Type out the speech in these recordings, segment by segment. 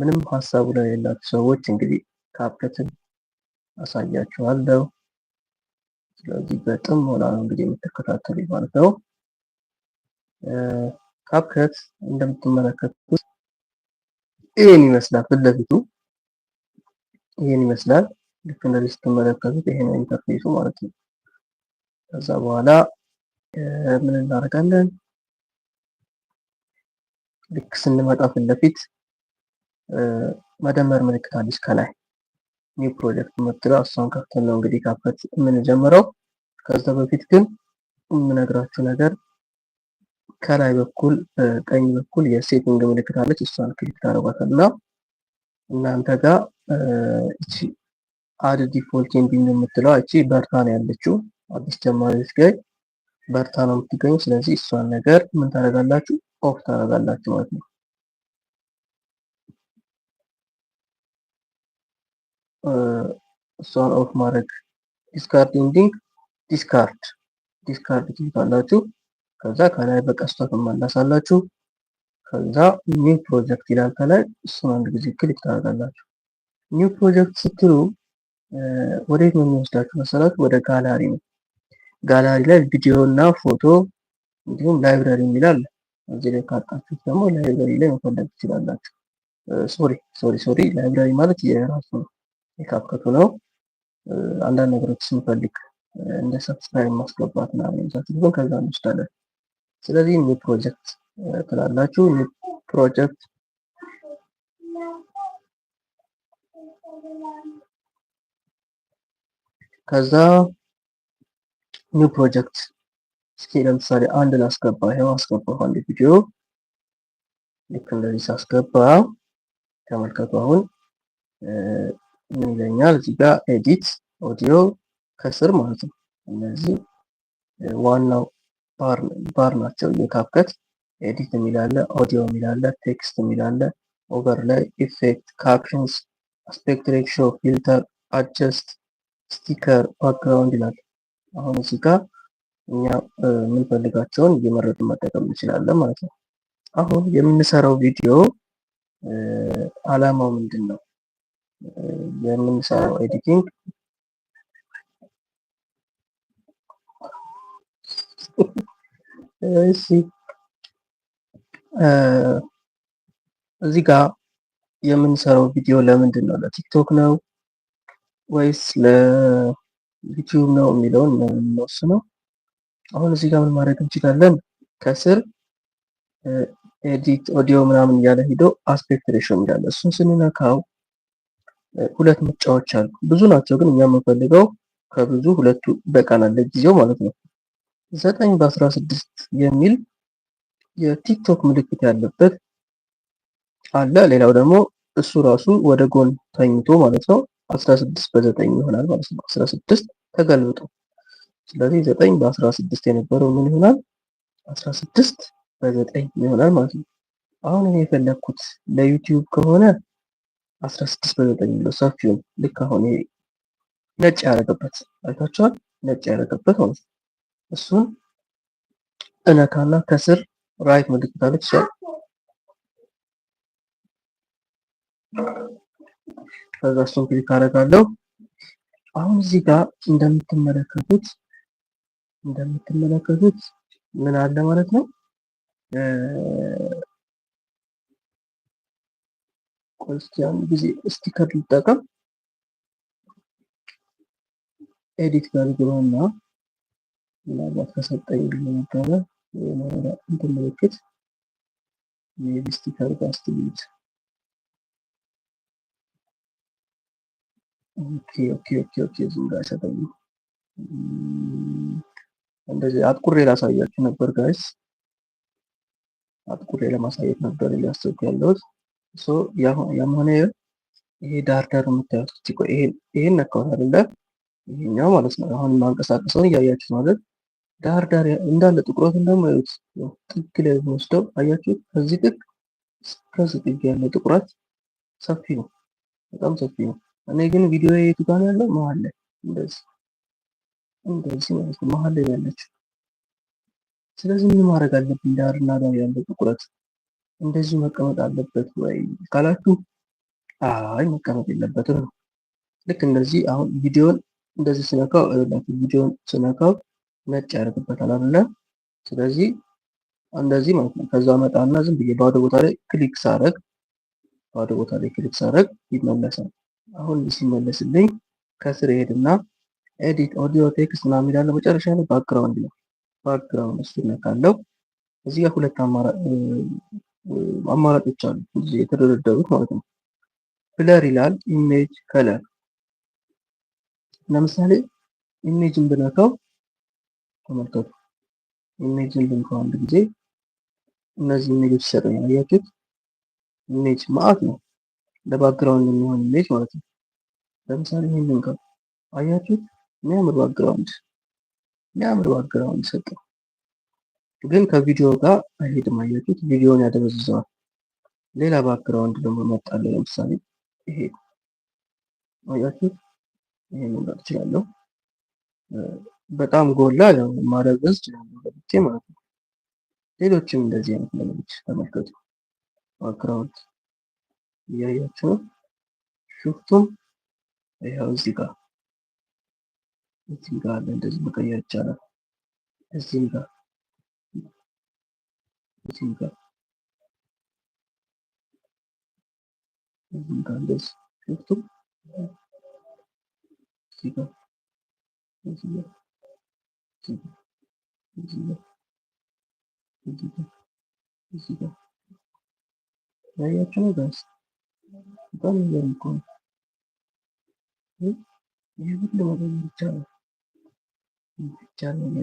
ምንም ሀሳቡ ላይ የሌላችሁ ሰዎች እንግዲህ ካፕከትን አሳያችኋለሁ። ስለዚህ ሆና ነው እንግዲህ የምትከታተሉ ማለት ነው። ካፕከት እንደምትመለከቱት ይህን ይመስላል። ፊት ይህን ይመስላል። ልክ እንደዚህ ስትመለከቱት ይሄ ነው ኢንተርፌሱ ማለት ነው። ከዛ በኋላ ምን እናደርጋለን? ልክ ስንመጣ ፊት ለፊት መደመር ምልክት አለች ከላይ ኒው ፕሮጀክት የምትለው እሷን ከፍተን ነው እንግዲህ ካፕከት የምንጀምረው። ከዛ በፊት ግን የምነግራችሁ ነገር ከላይ በኩል ቀኝ በኩል የሴቲንግ ምልክት አለች። እሷን ክሊክ ታደርጓታልና እናንተ ጋር እቺ አድ ዲፎልት ኢንዲንግ የምትለው እቺ በርታ ነው ያለችው። አዲስ ጀማሪዎች ጋር በርታ ነው የምትገኙ። ስለዚህ እሷን ነገር ምን ታደርጋላችሁ? ኦፍ ታደርጋላችሁ ማለት ነው። እሷን ኦፍ ማድረግ ዲስካርድ ኢንዲንግ ዲስካርድ ዲስካርድ ትልካላችሁ። ከዛ ከላይ በቀስታ ትመለሳላችሁ። ከዛ ኒው ፕሮጀክት ይላል ከላይ እሱን አንድ ጊዜ ክሊክ ታደርጋላችሁ። ኒው ፕሮጀክት ስትሉ ወዴት ነው የሚወስዳችሁ መሰላችሁ? ወደ ጋላሪ ነው። ጋላሪ ላይ ቪዲዮ እና ፎቶ እንዲሁም ላይብራሪ የሚላል እዚህ ላይ ካጣችሁት ደግሞ ላይብራሪ ላይ መፈለግ ትችላላችሁ። ሶሪ ሶሪ ሶሪ ላይብራሪ ማለት የራሱ ነው የካፕከቱ ነው። አንዳንድ ነገሮች ስንፈልግ እንደ ሰብስክራይብ ማስገባት ና ሳትሆን ከዛ እንወስዳለን። ስለዚህ ኒው ፕሮጀክት ትላላችሁ። ኒ ፕሮጀክት ከዛ ኒው ፕሮጀክት እስኪ ለምሳሌ አንድ ላስገባ። ይኸው አስገባ አንድ ቪዲዮ ልክ እንደዚህ ሳስገባ ተመልከቱ አሁን ምን ይለኛል እዚህ ጋር ኤዲት ኦዲዮ ከስር ማለት ነው። እነዚህ ዋናው ባር ናቸው። የካፕከት ኤዲት የሚላለ ኦዲዮ የሚላለ ቴክስት የሚላለ ኦቨር ላይ ኢፌክት፣ ካፕሽንስ፣ አስፔክት ሬክሾ፣ ፊልተር፣ አጀስት፣ ስቲከር፣ ባክግራውንድ ይላል። አሁን እዚህ ጋር እኛ የምንፈልጋቸውን እየመረጥን መጠቀም እንችላለን ማለት ነው። አሁን የምንሰራው ቪዲዮ አላማው ምንድን ነው? የምንሰራው ኤዲቲንግ እሺ እዚህ ጋር የምንሰራው ቪዲዮ ለምንድን ነው? ለቲክቶክ ነው ወይስ ለዩቲዩብ ነው የሚለውን የምንወስነው። አሁን እዚህ ጋር ምን ማድረግ እንችላለን? ከስር ኤዲት ኦዲዮ ምናምን እያለ ሂዶ አስፔክት ሬሽዮ የሚላለ እሱን ስንነካው ሁለት ምርጫዎች አሉ። ብዙ ናቸው፣ ግን እኛ የምንፈልገው ከብዙ ሁለቱ ይበቃናል ለጊዜው ማለት ነው። ዘጠኝ በአስራ ስድስት የሚል የቲክቶክ ምልክት ያለበት አለ። ሌላው ደግሞ እሱ ራሱ ወደ ጎን ተኝቶ ማለት ነው። አስራ ስድስት በዘጠኝ ይሆናል ማለት ነው። አስራ ስድስት ተገልብጦ ስለዚህ ዘጠኝ በአስራ ስድስት የነበረው ምን ይሆናል? አስራ ስድስት በዘጠኝ ይሆናል ማለት ነው። አሁን እኔ የፈለግኩት ለዩቲዩብ ከሆነ 16 በዘጠኝ የሚለው ልክ አሁን ነጭ ያደረገበት አይታችኋል። ነጭ ያደረገበት ማለት ነው። እሱን እነካና ከስር ራይት ምልክት አለች ይችላል። ከዛ እሱን ክሊክ አደርጋለሁ። አሁን እዚህ ጋር እንደምትመለከቱት እንደምትመለከቱት ምን አለ ማለት ነው ቆይ እስኪ አሁን ጊዜ ስቲከር ልጠቀም። ኤዲት ጋር እና ምናልባት ከሰጠኝ ነበረ እንትን ምልክት ሜቢ ስቲከር ጋር ስትሉት ኦኬ ኦኬ ኦኬ ኦኬ ዝም ብሎ አይሰጠኝም። እንደዚህ አጥቁሬ ላሳያችሁ ነበር ጋይስ፣ አጥቁሬ ለማሳየት ነበር ሊያሰብኩ ያለሁት ያም ሆነ ይሄ ዳር ዳር የምታዩት ይሄን ነካሁት አይደለ? ይሄኛው ማለት ነው። አሁን ማንቀሳቀሰውን እያያችሁት ማለት ዳርዳር እንዳለ ጥቁረቱን ደግሞ ያዩት ጥግ ላይ ወስደው አያችሁት። ከዚህ ጥግ እስከዚህ ጥግ ያለው ጥቁረት ሰፊ ነው፣ በጣም ሰፊ ነው። እኔ ግን ቪዲዮ የቱ ጋር ነው ያለው? መሀል ላይ እንደዚህ እንደዚህ ማለት ነው፣ መሀል ላይ ያለችው። ስለዚህ ምን ማድረግ አለብኝ? ዳርና ዳር ያለው ጥቁረት እንደዚህ መቀመጥ አለበት ወይ ካላችሁ፣ አይ መቀመጥ የለበትም ነው። ልክ እንደዚህ አሁን ቪዲዮን እንደዚህ ስነካው እላችሁ ቪዲዮን ስነካው ነጭ ያደርግበታል አለ ስለዚህ እንደዚህ ማለት ነው። ከዛ መጣና ዝም ብዬ ባዶ ቦታ ላይ ክሊክ ሳረግ ባዶ ቦታ ላይ ክሊክ ሳረግ ይመለሳል። አሁን ሲመለስልኝ ከስር ሄድና ኤዲት ኦዲዮ ቴክስት ምናምን ይላል። መጨረሻ ላይ ባክግራውንድ ነው። ባክግራውንድ እሱ ነካለው። እዚህ ጋር ሁለት አማራ አማራጮች አሉ እዚህ የተደረደሩት ማለት ነው። ብለር ይላል ኢሜጅ ከለር። ለምሳሌ ኢሜጅን ብነካው ተመልከቱ። ኢሜጅን ብንከው አንድ ጊዜ እነዚህ ኢሜጆች ይሰጠኛል። አያችሁት? ኢሜጅ ማአት ነው ለባክግራውንድ የሚሆን ኢሜጅ ማለት ነው። ለምሳሌ ይህን ብንከው አያችሁት? የሚያምር ባክግራውንድ የሚያምር ባክግራውንድ ይሰጠው ግን ከቪዲዮ ጋር አይሄድም። አያችሁት? ቪዲዮን ያደበዝዘዋል። ሌላ ባክግራውንድ ደግሞ መጣለ። ለምሳሌ ይሄ አያችሁት? ይሄ መምረጥ እችላለሁ። በጣም ጎላ ነው ማረገዝ እችላለሁ ገብቼ ማለት ነው። ሌሎችም እንደዚህ አይነት ነገሮች ተመልከቱ። ባክግራውንድ እያያችሁ ነው። ሽፍቱም ይኸው እዚህ ጋር እዚህ ጋር አለ። እንደዚህ መቀየር ይቻላል። እዚህም ጋር 1時間。1時間です。よくと、1時間。1時間。1時間。1時間。1時間。1時間。ダイヤ超出す。画面よりこう。え十分でまで見ちゃう。見ちゃうよね、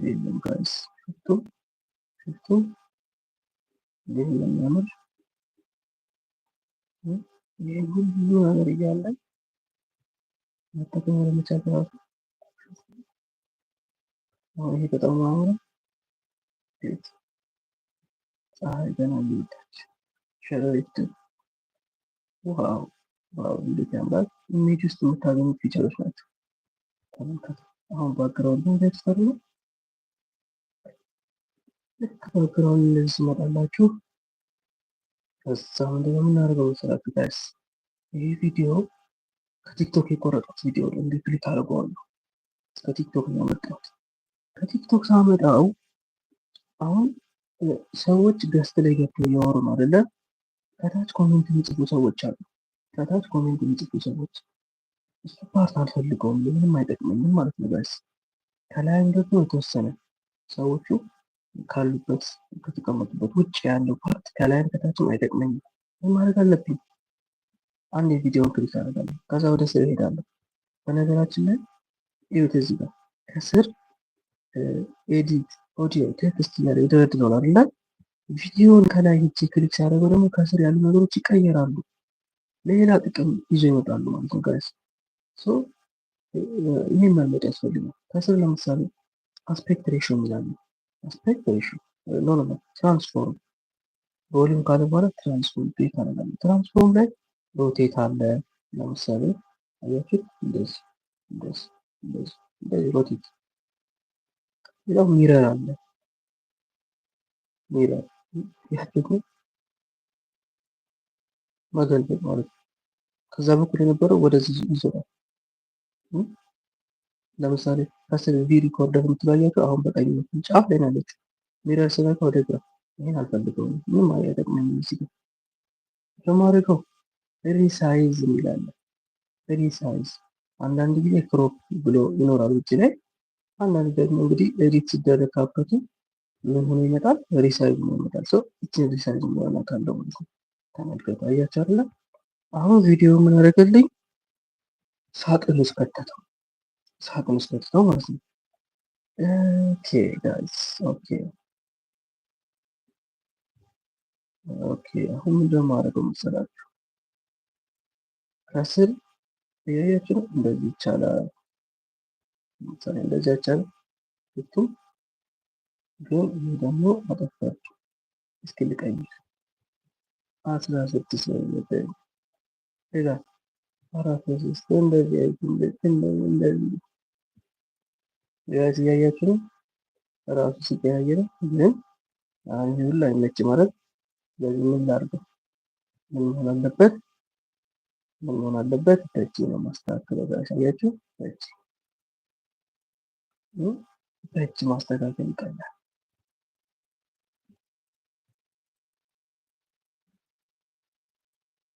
Belirleniyor. Buralara geldim. Takım arama çarpıyor. Orayı da var? Evet. Sahiden hallettik. Şöyle ettim. Wow. Wow. Mükemmel. Meclis tutarını bir çalışmak. Tamam. Ama background'un web sarılı. ግራውን እንደዚህ ሲመጣላችሁ ከዛ ምንድን ነው የምናደርገው መሰላችሁ ጋይስ? ይህ ቪዲዮ ከቲክቶክ የቆረጡት ቪዲዮ እንዲ ክሊክ አድርገዋለሁ። ከቲክቶክ ነው ያመጣሁት። ከቲክቶክ ሳመጣው አሁን ሰዎች ገስት ላይ ገብተው እያወሩ ነው አይደለ? ከታች ኮሜንት የሚጽፉ ሰዎች አሉ። ከታች ኮሜንት የሚጽፉ ሰዎች እሱ ፓርት አልፈልገውም፣ ምንም አይጠቅመኝም ማለት ነው ጋይስ። ከላይም ደግሞ የተወሰነ ሰዎቹ ካሉበት ከተቀመጡበት ውጭ ያለው ፓርት ከላይም ከታችም አይጠቅመኝም። ምን ማድረግ አለብኝ? አንድ የቪዲዮን ክሊክ አደርጋለሁ። ከዛ ወደ ስር እሄዳለሁ። በነገራችን ላይ ይኸው እዚህ ጋር ከስር ኤዲት ኦዲዮ ቴክስት እያለ የተረድነውን አደለ? ቪዲዮን ከላይ ሄጄ ክሊክ ሲያደርገው ደግሞ ከስር ያሉ ነገሮች ይቀየራሉ። ሌላ ጥቅም ይዞ ይመጣሉ ማለት ነው ጋይስ። ሶ ይህን መልመድ ያስፈልጋል። ከስር ለምሳሌ አስፔክት ሬሽዮ የሚላሉ ኤክስፔክቴሽን ኖ ኖ ትራንስፎርም ሮሊንግ ካለ በኋላ ትራንስፎርም ቤት አለ። ትራንስፎርም ላይ ሮቴት አለ። ለምሳሌ አያችሁ እንደዚህ እንደዚህ እንደዚህ እንደዚህ ሮቴት። ሌላው ሚረር አለ። ሚረር ይህ ደግሞ ማለት ነው። ከዛ በኩል የነበረው ወደዚህ ይዞራል። ለምሳሌ ከስር ቪ ሪኮርደር የምትላያቸው አሁን በቀኝ በኩል ጫፍ ላይ ናለች። ሚረር ስነካ ወደ ግራ ይህን አልፈልገውም። ምንም አይጠቅመኝ። እዚህ ጋር ተማሪከው ሪሳይዝ የሚላለ ሪሳይዝ አንዳንድ ጊዜ ክሮፕ ብሎ ይኖራል ውጭ ላይ። አንዳንድ ደግሞ እንግዲህ ኤዲት ሲደረግ ካፕቱ ምን ሆኖ ይመጣል? ሪሳይዝ ነው ይመጣል። ሰው እችን ሪሳይዝ ሆኖ ካለው ማለት ነው። ተመልከቱ፣ አያችሁ አለ አሁን ቪዲዮ ምን አደረገልኝ? ሳጥን ውስጥ ከተተው ሳጥን ውስጥ ከተተው ማለት ነው። ኦኬ ጋይስ ኦኬ ኦኬ። አሁን ምንድነው ማድረገው መሰላችሁ? ከስር እያያችሁ ነው። እንደዚህ ይቻላል። ለምሳሌ እንደዚህ አይቻልም ልቱ ግን ይሄ ደግሞ አጠፋችሁ። እስኪ ልቀይር። አስራ ስድስት ነው ሌላ አራት ስድስት እንደዚህ እንደዚህ እንደዚህ ያያችሁ ነው። ራሱ ሲቀያየር ግን አሁን አንዩን ላይ መች ማለት ስለዚህ ምን ላድርገው? ምን መሆን አለበት? ምን መሆን አለበት? ተቺ ነው ማስተካከለው። ያሳያችሁ ተቺ ተቺ ማስተካከል ይቀላል።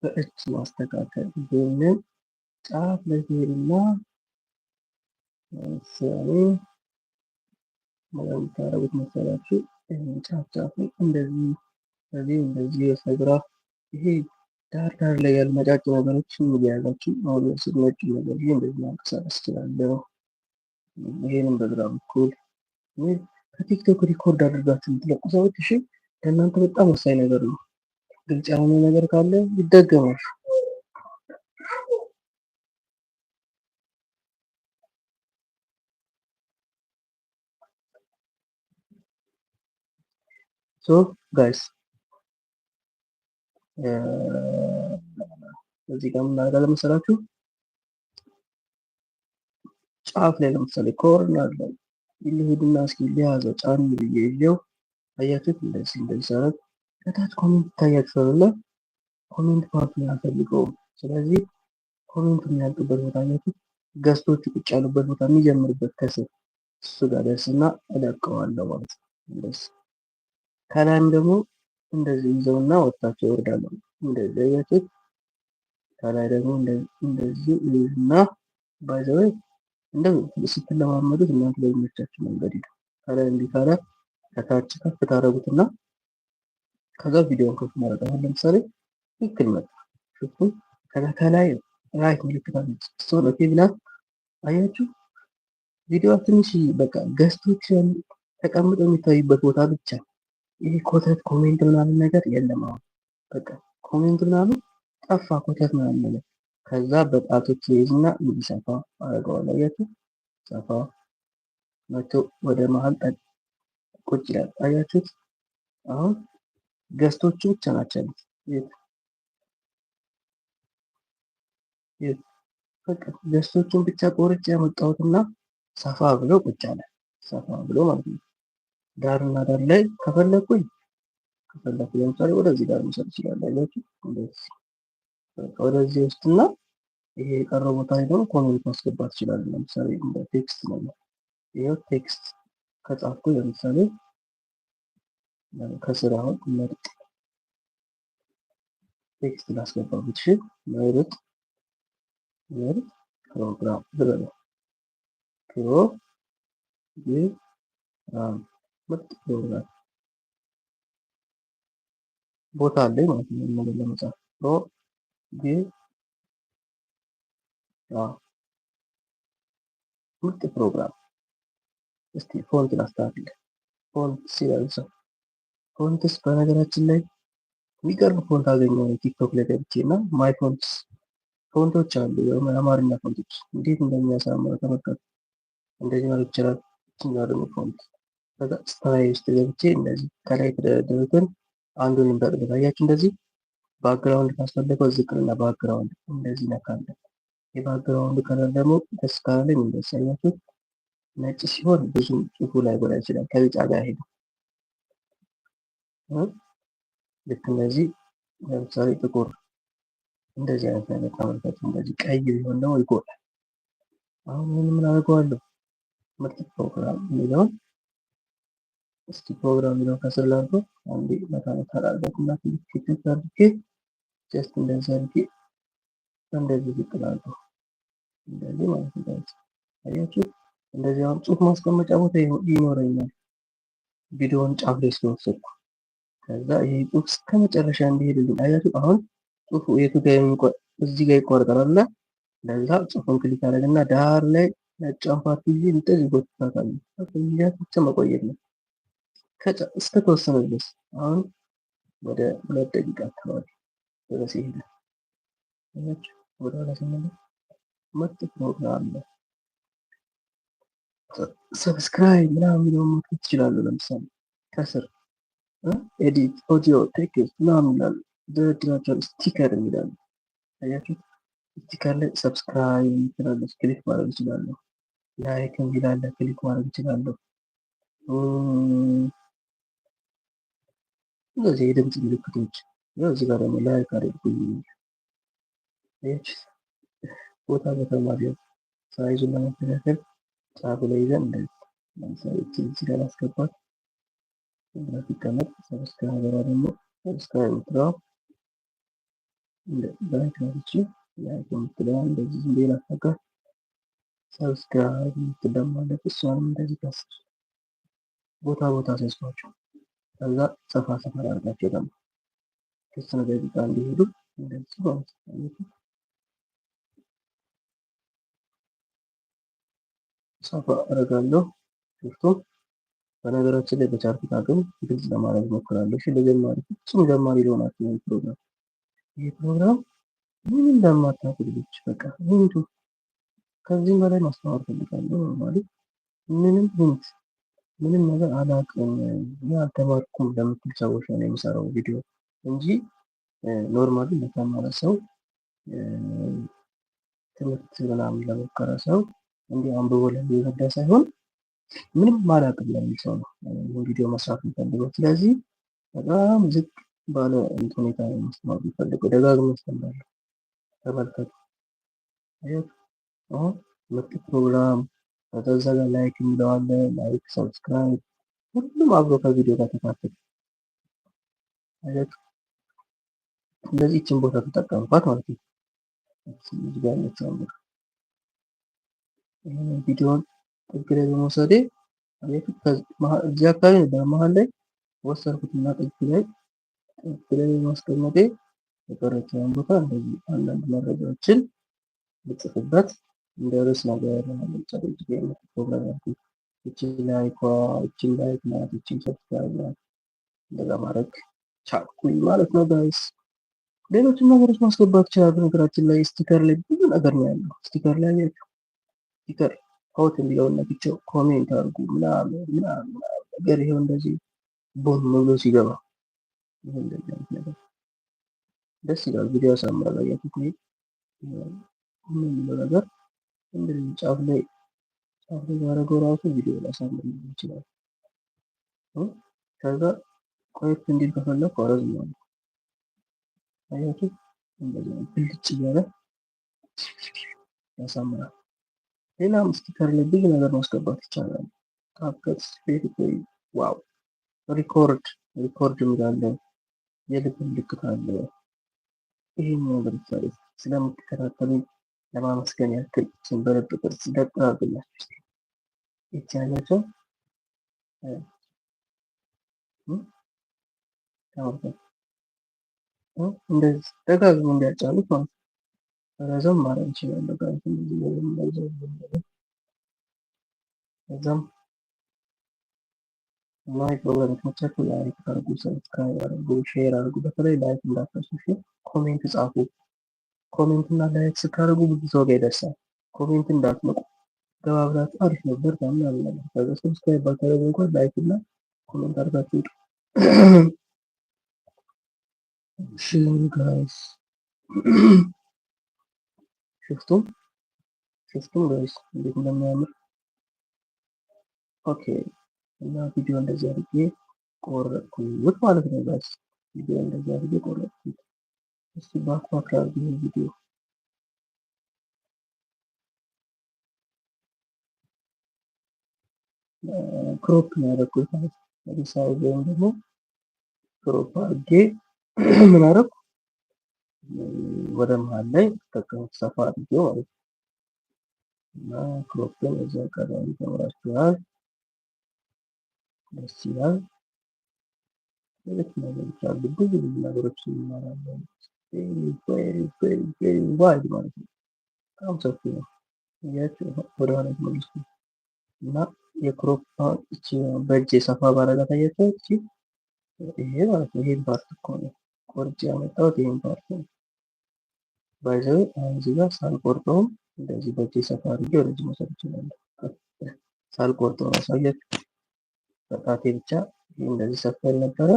በእጅ ማስተካከል ይህንን ጫፍ ላይ ትሄድና ለምሳሌ የምታረጉት መሰላችሁ ጫፍ እንደዚህ እንደዚህ ይሄ ዳር ዳር ላይ ያሉ ነጫጭ አሁን ነጭ ነገር እንደዚህ ማንቀሳቀስ ይሄንም በግራ በኩል ከቲክቶክ ሪኮርድ አድርጋችሁ የምትለቁ ሰዎች እሺ፣ ለእናንተ በጣም ወሳኝ ነገር ነው። ግልጽ ያልሆነ ነገር ካለ ይደገማል። so guys eh, እዚህ ጋር ምናደርጋለን መሰላችሁ? ጫፍ ላይ ለምሳሌ ኮርነር ላይ ልሂድና እስኪ ሊያዘው ጫን ብዬ ይዤው አያችሁት? እንደዚህ እንደዚህ ከታች ኮሜንት ይታያችሁ አይደለ? ኮሜንት ፓርት አልፈልገውም። ስለዚህ ኮሜንት የሚያልቅበት ቦታ አያችሁት? ገዝቶቹ ቁጭ ያሉበት ቦታ የሚጀምርበት ከስር እሱ ጋር ደርስና እለቀዋለሁ ማለት ነው። ከላይም ደግሞ እንደዚህ ይዘውና ወጣቸው ይወርዳሉ። እንደዚህ አያችሁት። ከላይ ደግሞ እንደዚህ ይይዙና ባይዘው እንደው ስትለማመዱት እናንተ በሚመቻችሁ መንገድ ሂዱ። ከላይ እንዲህ ካለ ከታች ከፍ ታደርጉትና ከዛ ቪዲዮን ከፍ ማድረግ አሁን ለምሳሌ ትክክል መጣ። ሽቱ ከዛ ከላይ ራይት ምልክት አለች። እሷን ኦኬ ብላ አያችሁ። ቪዲዮ ትንሽ በቃ ገስቶች ተቀምጠው የሚታዩበት ቦታ ብቻ ነው። ይህ ኮተት ኮሜንት ምናምን ነገር የለም። አሁን በቃ ኮሜንት ምናምን ጠፋ፣ ኮተት ምናምን ነገር። ከዛ በጣቶች ይዝና እንዲሰፋ አደርገዋለሁ። አያችሁ፣ ሰፋ መቶ ወደ መሀል ቁጭ ይላል። አያችሁት? አሁን ገስቶቹ ብቻ ናቸው ያሉት። በቃ ገስቶቹን ብቻ ቆርጬ ያመጣሁትና ሰፋ ብሎ ቁጭ አለ። ሰፋ ብሎ ማለት ነው ዳርና ዳር ላይ ከፈለኩኝ ከፈለኩ ለምሳሌ ወደዚህ ዳር መሰል ይችላል። አያችሁ እንደዚህ በቃ ወደዚህ ውስጥና ይሄ የቀረው ቦታ ደግሞ ኮሜንት ማስገባት ይችላል። ለምሳሌ እንደ ቴክስት ነው። ይሄው ቴክስት ከጻፍኩ ለምሳሌ ከስር አሁን መርጥ ቴክስት ላስገባ ብችል መርጥ መርጥ ፕሮግራም ልበለው ፕሮግራም ምርጥ ይሆናል። ቦታ አለኝ ማለት ነው። ነገር ለመጻፍ ሮ ጌ ምርጥ ፕሮግራም። እስቲ ፎንት ላስተካክል። ፎንት ሲላልሰ ፎንትስ በነገራችን ላይ የሚቀርብ ፎንት አገኘ ቲክቶክ ላይ ገብቼ እና ማይ ፎንትስ ፎንቶች አሉ። የአማርኛ ፎንቶች እንዴት እንደሚያሳምር ተመልከቱ። እንደዚህ ማለት ይችላል። እኛ ደግሞ ፎንት ፀሐይ ውስጥ ገብቼ እንደዚህ ከላይ የተደረደሩትን አንዱንም በቅደም አያችሁ። እንደዚህ ባክግራውንድ ካስፈለገው ዝቅልና ባክግራውንድ እንደዚህ ነካለን። የባክግራውንድ ከለር ደግሞ ነጭ ሲሆን ብዙም ጽሑፉ ላይ ጎላ ይችላል። ከቢጫ ጋር ሄዱ። ልክ እንደዚህ ለምሳሌ ጥቁር እንደዚህ አይነት ነገር ተመልከቱ። እንደዚህ ቀይ ቢሆን ደግሞ ይጎላል። አሁን ምን አድርገዋለሁ ምርጥ ፕሮግራም የሚለውን እስቲ ፕሮግራም ቢለው ከስር ላድርገው። አንዴ መታመት አላደረግኩና ክሊክ አድርጌ ጀስት እንደዚህ አድርጌ እንደዚህ ዝቅ ላድርገው እንደዚህ ማለት ነው። አያችሁ እንደዚህ አሁን ጽሁፍ ማስቀመጫ ቦታ ይኖረኛል። ቪዲዮውን ጫፍ ላይ ስለወሰድኩ ከዛ ይህ ጽሁፍ እስከ መጨረሻ እንዲሄድልኝ አያችሁ። አሁን ጽሁፉ የቱ ጋር እዚህ ጋር ይቆርጠናል ለዛ ጽሁፉን ክሊክ አደረግና ዳር ላይ ነጫን ፓርት ጊዜ እንደዚህ ጎትታታል። ብቻ መቆየት ነው እስከተወሰነ ድረስ አሁን ወደ ሁለት ደቂቃ አካባቢ ድረስ ይሄዳል። ወደ ኋላ ስንመለስ ምርጥ ፕሮግራም ነው። ሰብስክራይብ ምናምን የሚለውን መክፈት ትችላሉ። ለምሳሌ ከስር ኤዲት፣ ኦዲዮ፣ ቴክስት ምናምን ይላሉ። ድረድራቸውን ስቲከር የሚላሉ አያችሁ። ስቲከር ላይ ሰብስክራይብ የሚችላለች ክሊክ ማድረግ ይችላለሁ። ላይክ የሚላለ ክሊክ ማድረግ ይችላለሁ። እነዚህ የድምፅ ምልክቶች እዚህ ጋር ደግሞ ላይ አድርጉኝ ቦታ ቦታ ማድረግ ሳይዙን ለመከታተል ጫፉ ላይ ይዘን እንደዚህ ለምሳሌ እዚህ ጋር ማስገባት ሲቀመጥ ሰብስክራይብ ገባ ደግሞ ሰብስክራይብ ምትለዋ ላይክ ናትቺ ላይክ የምትለዋ እንደዚህ ዝም ብዬ ላስነካት ሰብስክራይብ የምትለማለት እሷንም እንደዚህ ከስር ቦታ ቦታ ሳይዟቸው ከዛ ሰፋ ሰፋ አድርጋችሁ ደግሞ የተወሰነ ደቂቃ እንዲሄዱ እንደዚህ ማለት ነው። ሰፋ አደርጋለሁ ሽፍቶ በነገራችን ላይ በቻርኩት አቅም ግልጽ ለማድረግ ሞክራለሁ። እሺ ለጀማሪ ፍጹም ጀማሪ ለሆናችሁ ይህ ፕሮግራም ይህ ፕሮግራም ምን እንደማታውቁ ልጆች በቃ ሂንቱ ከዚህም በላይ ማስተማር ፈልጋለሁ። ኖርማሊ ምንም ሂንት ምንም ነገር አላውቅም አልተማርኩም ለምትል ሰዎች ነው የሚሰራው ቪዲዮ እንጂ ኖርማሊ ለተማረ ሰው ትምህርት ምናምን ለሞከረ ሰው እንዲ አንብቦ ለሚረዳ ሳይሆን ምንም አላውቅም ለሚል ሰው ነው ቪዲዮ መስራት የሚፈልገው። ስለዚህ በጣም ዝቅ ባለ ሁኔታ ነው የሚፈልገው። ደጋግሞ ያስተምራለሁ። ተመልከቱ። አሁን ምርጥ ፕሮግራም ከዛ ላይክ የሚለው አለ። ላይክ ሰብስክራይብ፣ ሁሉም አብሮ ከቪዲዮ ጋር ተካተል። እንደዚህ ይችን ቦታ ተጠቀምኳት ማለት ነው። ያለችው ቪዲዮን ጥግ ላይ በመውሰዴ እዚህ አካባቢ ነበር፣ መሀል ላይ ወሰርኩትና ጥግ ላይ ጥግ ላይ በማስቀመጤ የቀረችውን ቦታ እንደዚህ አንዳንድ መረጃዎችን ልጽፍበት እንደ ርዕስ ነገር ለምሳሌ ፕሮግራም ያልኩት እንደዛ ማድረግ ቻልኩኝ ማለት ነው ጋይስ። ሌሎችም ነገሮች ማስገባት ይችላሉ። ነገራችን ላይ ስቲከር ላይ ብዙ ነገር ነው ያለው። ስቲከር ላይ ያቸው ስቲከር ሆት የሚለውን ነክቸው ኮሜንት አድርጉ ምናምን ምናምን ነገር ይሄው እንደዚህ ቦም ብሎ ሲገባ እንደዚህ ነገር ደስ ይላል። ቪዲዮ ያሳምራል። ያኩት ነው የሚለው ነገር እንግዲህ ጫፍ ላይ ጫፍ ላይ ባደረገው ራሱ ቪዲዮ ላሳምን ይችላል። ከዛ ቆየት እንዲል ከፈለግ ኮረዝ ነው አያችሁ፣ እንደዚህ ብልጭ እያለ ያሳምራል ሌላም ስቲከር ላይ ብዙ ነገር ማስገባት ይቻላል። ካፕከት ስፔስ ወይ ዋው ሪኮርድ ሪኮርድ የሚላለ የልብ ምልክት አለ። ይሄኛው ለምሳሌ ስለምትከታተሉ ለማመስገን ያክል እችን በልብ ቅርጽ ደቁናብላችሁ ስ ይቻላቸው እንደዚህ ደጋግሞ እንዲያጫሉት ማለት ነው። ረዘም ማድረግ እንችላለን። ደጋግሞ እዛም እና የፕሮግራሞቻችሁ ላይክ አድርጉ፣ ሰብስክራይብ አድርጉ፣ ሼር አድርጉ። በተለይ ላይክ እንዳትረሱ፣ ኮሜንት ጻፉ። ኮሜንትና ስታደርጉ ብዙ ሰው ጋር ይደርሳል። ኮሜንት እንዳትመጡ ተባብራችሁ አሪፍ ነበር ታምን አለ። ከዛ ሰብስክራይብ ባታደርጉ እንኳን ላይክ እና ኮሜንት አድርጋችሁ ጋይስ ሽፍቱም ሽፍቱም ጋይስ እንዴት እንደሚያምር ኦኬ። እና ቪዲዮ እንደዚህ አድርጌ ቆረጥኩት ማለት ነው ጋይስ። ቪዲዮ እንደዚህ አድርጌ ቆረጥኩት። እስቲ ባኩ አካባቢ ይሄን ቪዲዮ። ክሮፕ ነው ያደረኩት ሳይ ወይም ደግሞ ክሮፕ አድርጌ ምን አደረኩ ወደ መሀል ላይ ተጠቀሙት ሰፋ አድርጌ ማለት ነው። እና ክሮፕን እዚህ አካባቢ ተምራችኋል። ደስ ይላል። ሌሎች ነገሮች አሉ ብዙ ብዙ ነገሮች እንማራለን። ዋይድ ማለት ነው። በጣም ሰፊ ነው። እያችሁ እና የክሮፕ በእጅ የሰፋ እቺ ይሄ ማለት ነው። ይሄን ፓርት እኮ ነው ቆርጬ ያመጣሁት። ይሄን ፓርት ነው ባይዘው እዚህ ጋር ሳልቆርጠውም እንደዚህ በእጅ የሰፋ አድርጌ ወደዚህ መውሰድ እችላለሁ። ሳልቆርጠው ነው አሳያችሁ። በጣቴ ብቻ ይህ እንደዚህ ሰፋ ያልነበረ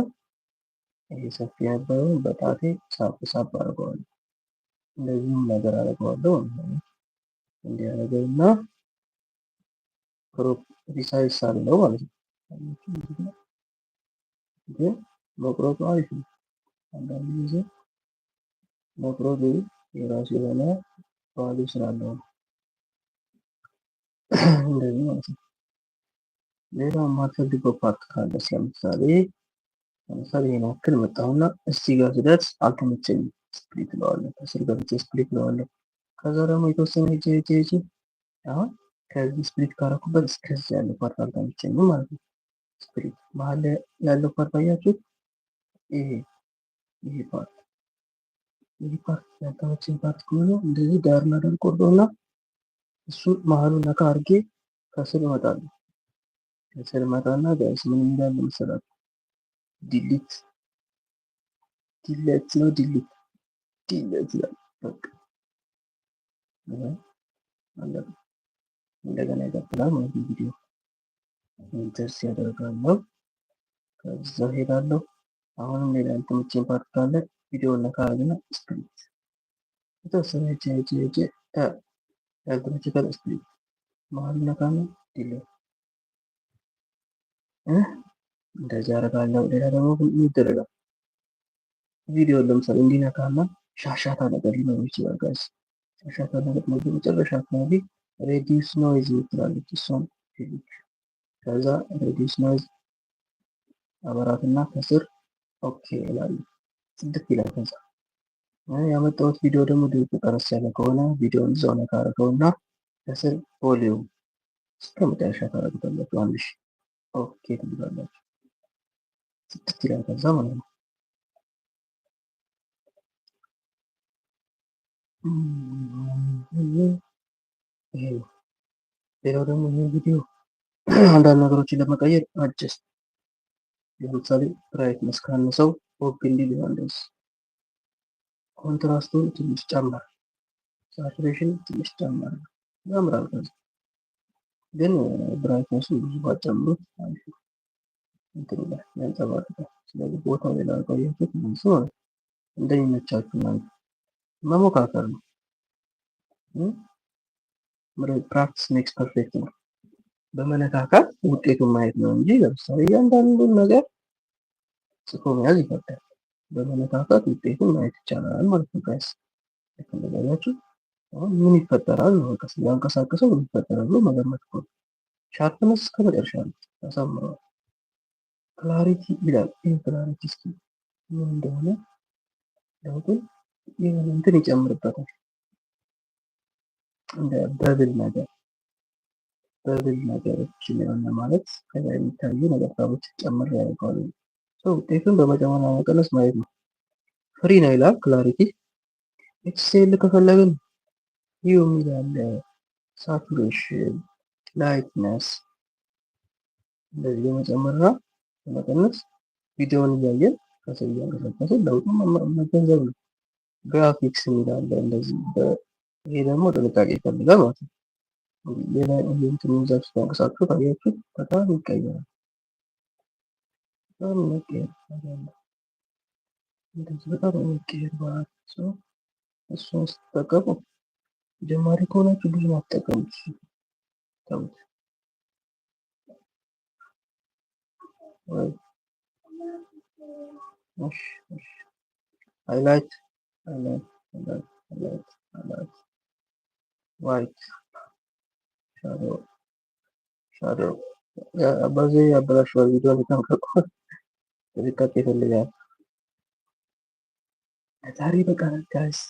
እየሰፊ የነበረውን በጣቴ ሳብ ሳብ አድርገዋለሁ። እንደዚህም ነገር አድርገዋለሁ። እንዲህ ነገር እና ክሮፕ ሪሳይዝ አለው ማለት ነው። ግን መቁረጡ አሪፍ ነው። አንዳንድ ጊዜ መቁረጡ የራሱ የሆነ ባሉ ስላለው ነው። እንደዚህ ማለት ነው። ሌላ የማትፈልገው ፓርት ካለ ለምሳሌ ለምሳሌ ይሄን ያክል መጣሁና እዚህ ጋር ስደርስ አልተመቸኝ ስፕሊት ለዋለሁ ከስር ገብቼ ስፕሊት ለዋለሁ። ከዛ ደግሞ የተወሰነ ሄጄ ሄጄ ሄጄ አሁን ከዚህ ስፕሊት ካረኩበት እስከዚህ ያለው ፓርት አልተመቸኝም ማለት ነው። ስፕሊት መሀል ያለው ፓርት አያችሁት? ይሄ ይሄ ፓርት ይሄ ፓርት ያልተመቸኝ ፓርት ከሆነ እንደዚህ ዳርና ዳር ቆርጦና እሱ መሀሉ ነካ አድርጌ ከስር እመጣለሁ። ከስር እመጣና ጋይስ ምን እንዳለ መሰላችሁ ዲሊት ዲለት ነው ዲሊት ዲለት ይላል። እንደገና ይቀጥላል ማለት ቪዲዮ ኢንተር ሲያደርጋለሁ ከዛ ሄዳለሁ። አሁንም ሌላ እንትምቼን ፓርት ካለ ቪዲዮ ነካ ስፕሊት የተወሰነ ሄጄ ሄጄ ካለ ስፕሊት መሀል ነካ ነው ዲሌት እንደዚህ አደርጋለሁ። ሌላ ደግሞ ይደረጋል ቪዲዮ ለምሳሌ እንዲነካና ሻሻታ ነገር ሊኖር ይችላል። ጋይስ ሻሻታ ነገር ነው። መጨረሻ አካባቢ ሬዲዩስ ኖይዝ ትላለች። እሷን ከዛ ሬዲዩስ ኖይዝ አበራትና ከስር ኦኬ ይላሉ። ጽድቅ ይላል። ከዛ ያመጣሁት ቪዲዮ ደግሞ ድምፁ ቀረስ ያለ ከሆነ ቪዲዮን እዛው ነካ አድርገውና ከስር ቮሊዩም እስከ መጨረሻ ታደርጉታላችሁ። አንድ ሺህ ኦኬ ትሉታላችሁ። tidak ada sama kan? hmm. ini iya. eh dia orang punya video anda nak kerja dalam kaya adjust yang sali right meskan masuk, open di dalam des kontras tu jenis chamber saturation jenis chamber gambar kan dan brightness itu juga chamber እንትን ይላል ያንጸባርቃል። ስለዚህ ቦታው ላይ ላቆያችሁት እንደሚመቻችሁ ማለት መሞካከር ነው። ፕራክቲስ ሜክስ ፐርፌክት ነው። በመነካካት ውጤቱን ማየት ነው እንጂ ለምሳሌ እያንዳንዱን ነገር ጽፎ መያዝ ይፈርዳል። በመነካካት ውጤቱን ማየት ይቻላል ማለት ነው። ጋይስ አሁን ምን ይፈጠራል ነው በቃ ምን ይፈጠራል ብሎ መገመት ነው። ሻርፕነስ እስከ መጨረሻ ነው ያሳምረዋል። ክላሪቲ ይላል። ይህ ክላሪቲ እስኪ ምን እንደሆነ ለውጡን እንትን ይጨምርበታል እንደ በብል ነገር በብል ነገሮች የሆነ ማለት ከዛ የሚታዩ ነጠብጣቦች ጨምር ያደርገዋል። ውጤቱን በመጨመርና መቀነስ ማየት ነው። ፍሪ ነው ይላል ክላሪቲ። ኤክስሴል ከፈለግን ይሁ የሚላለ ሳቹሬሽን፣ ላይትነስ እንደዚህ በመጨመርና በመቀነስ ቪዲዮውን እያየን ከስር እያንቀሳቀስን ለውጡ መገንዘብ ነው። ግራፊክስ የሚላለ እንደዚህ ይሄ ደግሞ ጥንቃቄ ይፈልጋል ማለት ነው። ሌላ ኢቨንት ሚዛች ሲያንቀሳቅሱ ታያችሁ በጣም ይቀየራል። በጣም ይቀየር እንደዚህ በጣም የሚቀየር ማለት ነው። እሱን ስትጠቀሙ ጀማሪ ከሆናችሁ ብዙ ማትጠቀሙት ተውት። Mush, Highlight, highlight, highlight, highlight, highlight. White. Shadow. Shadow. በዚህ ያበላሸዋል ቪዲዮ ተጠንቀቁ። ጥንቃቄ ይፈልጋል። ዛሬ በቃ guys.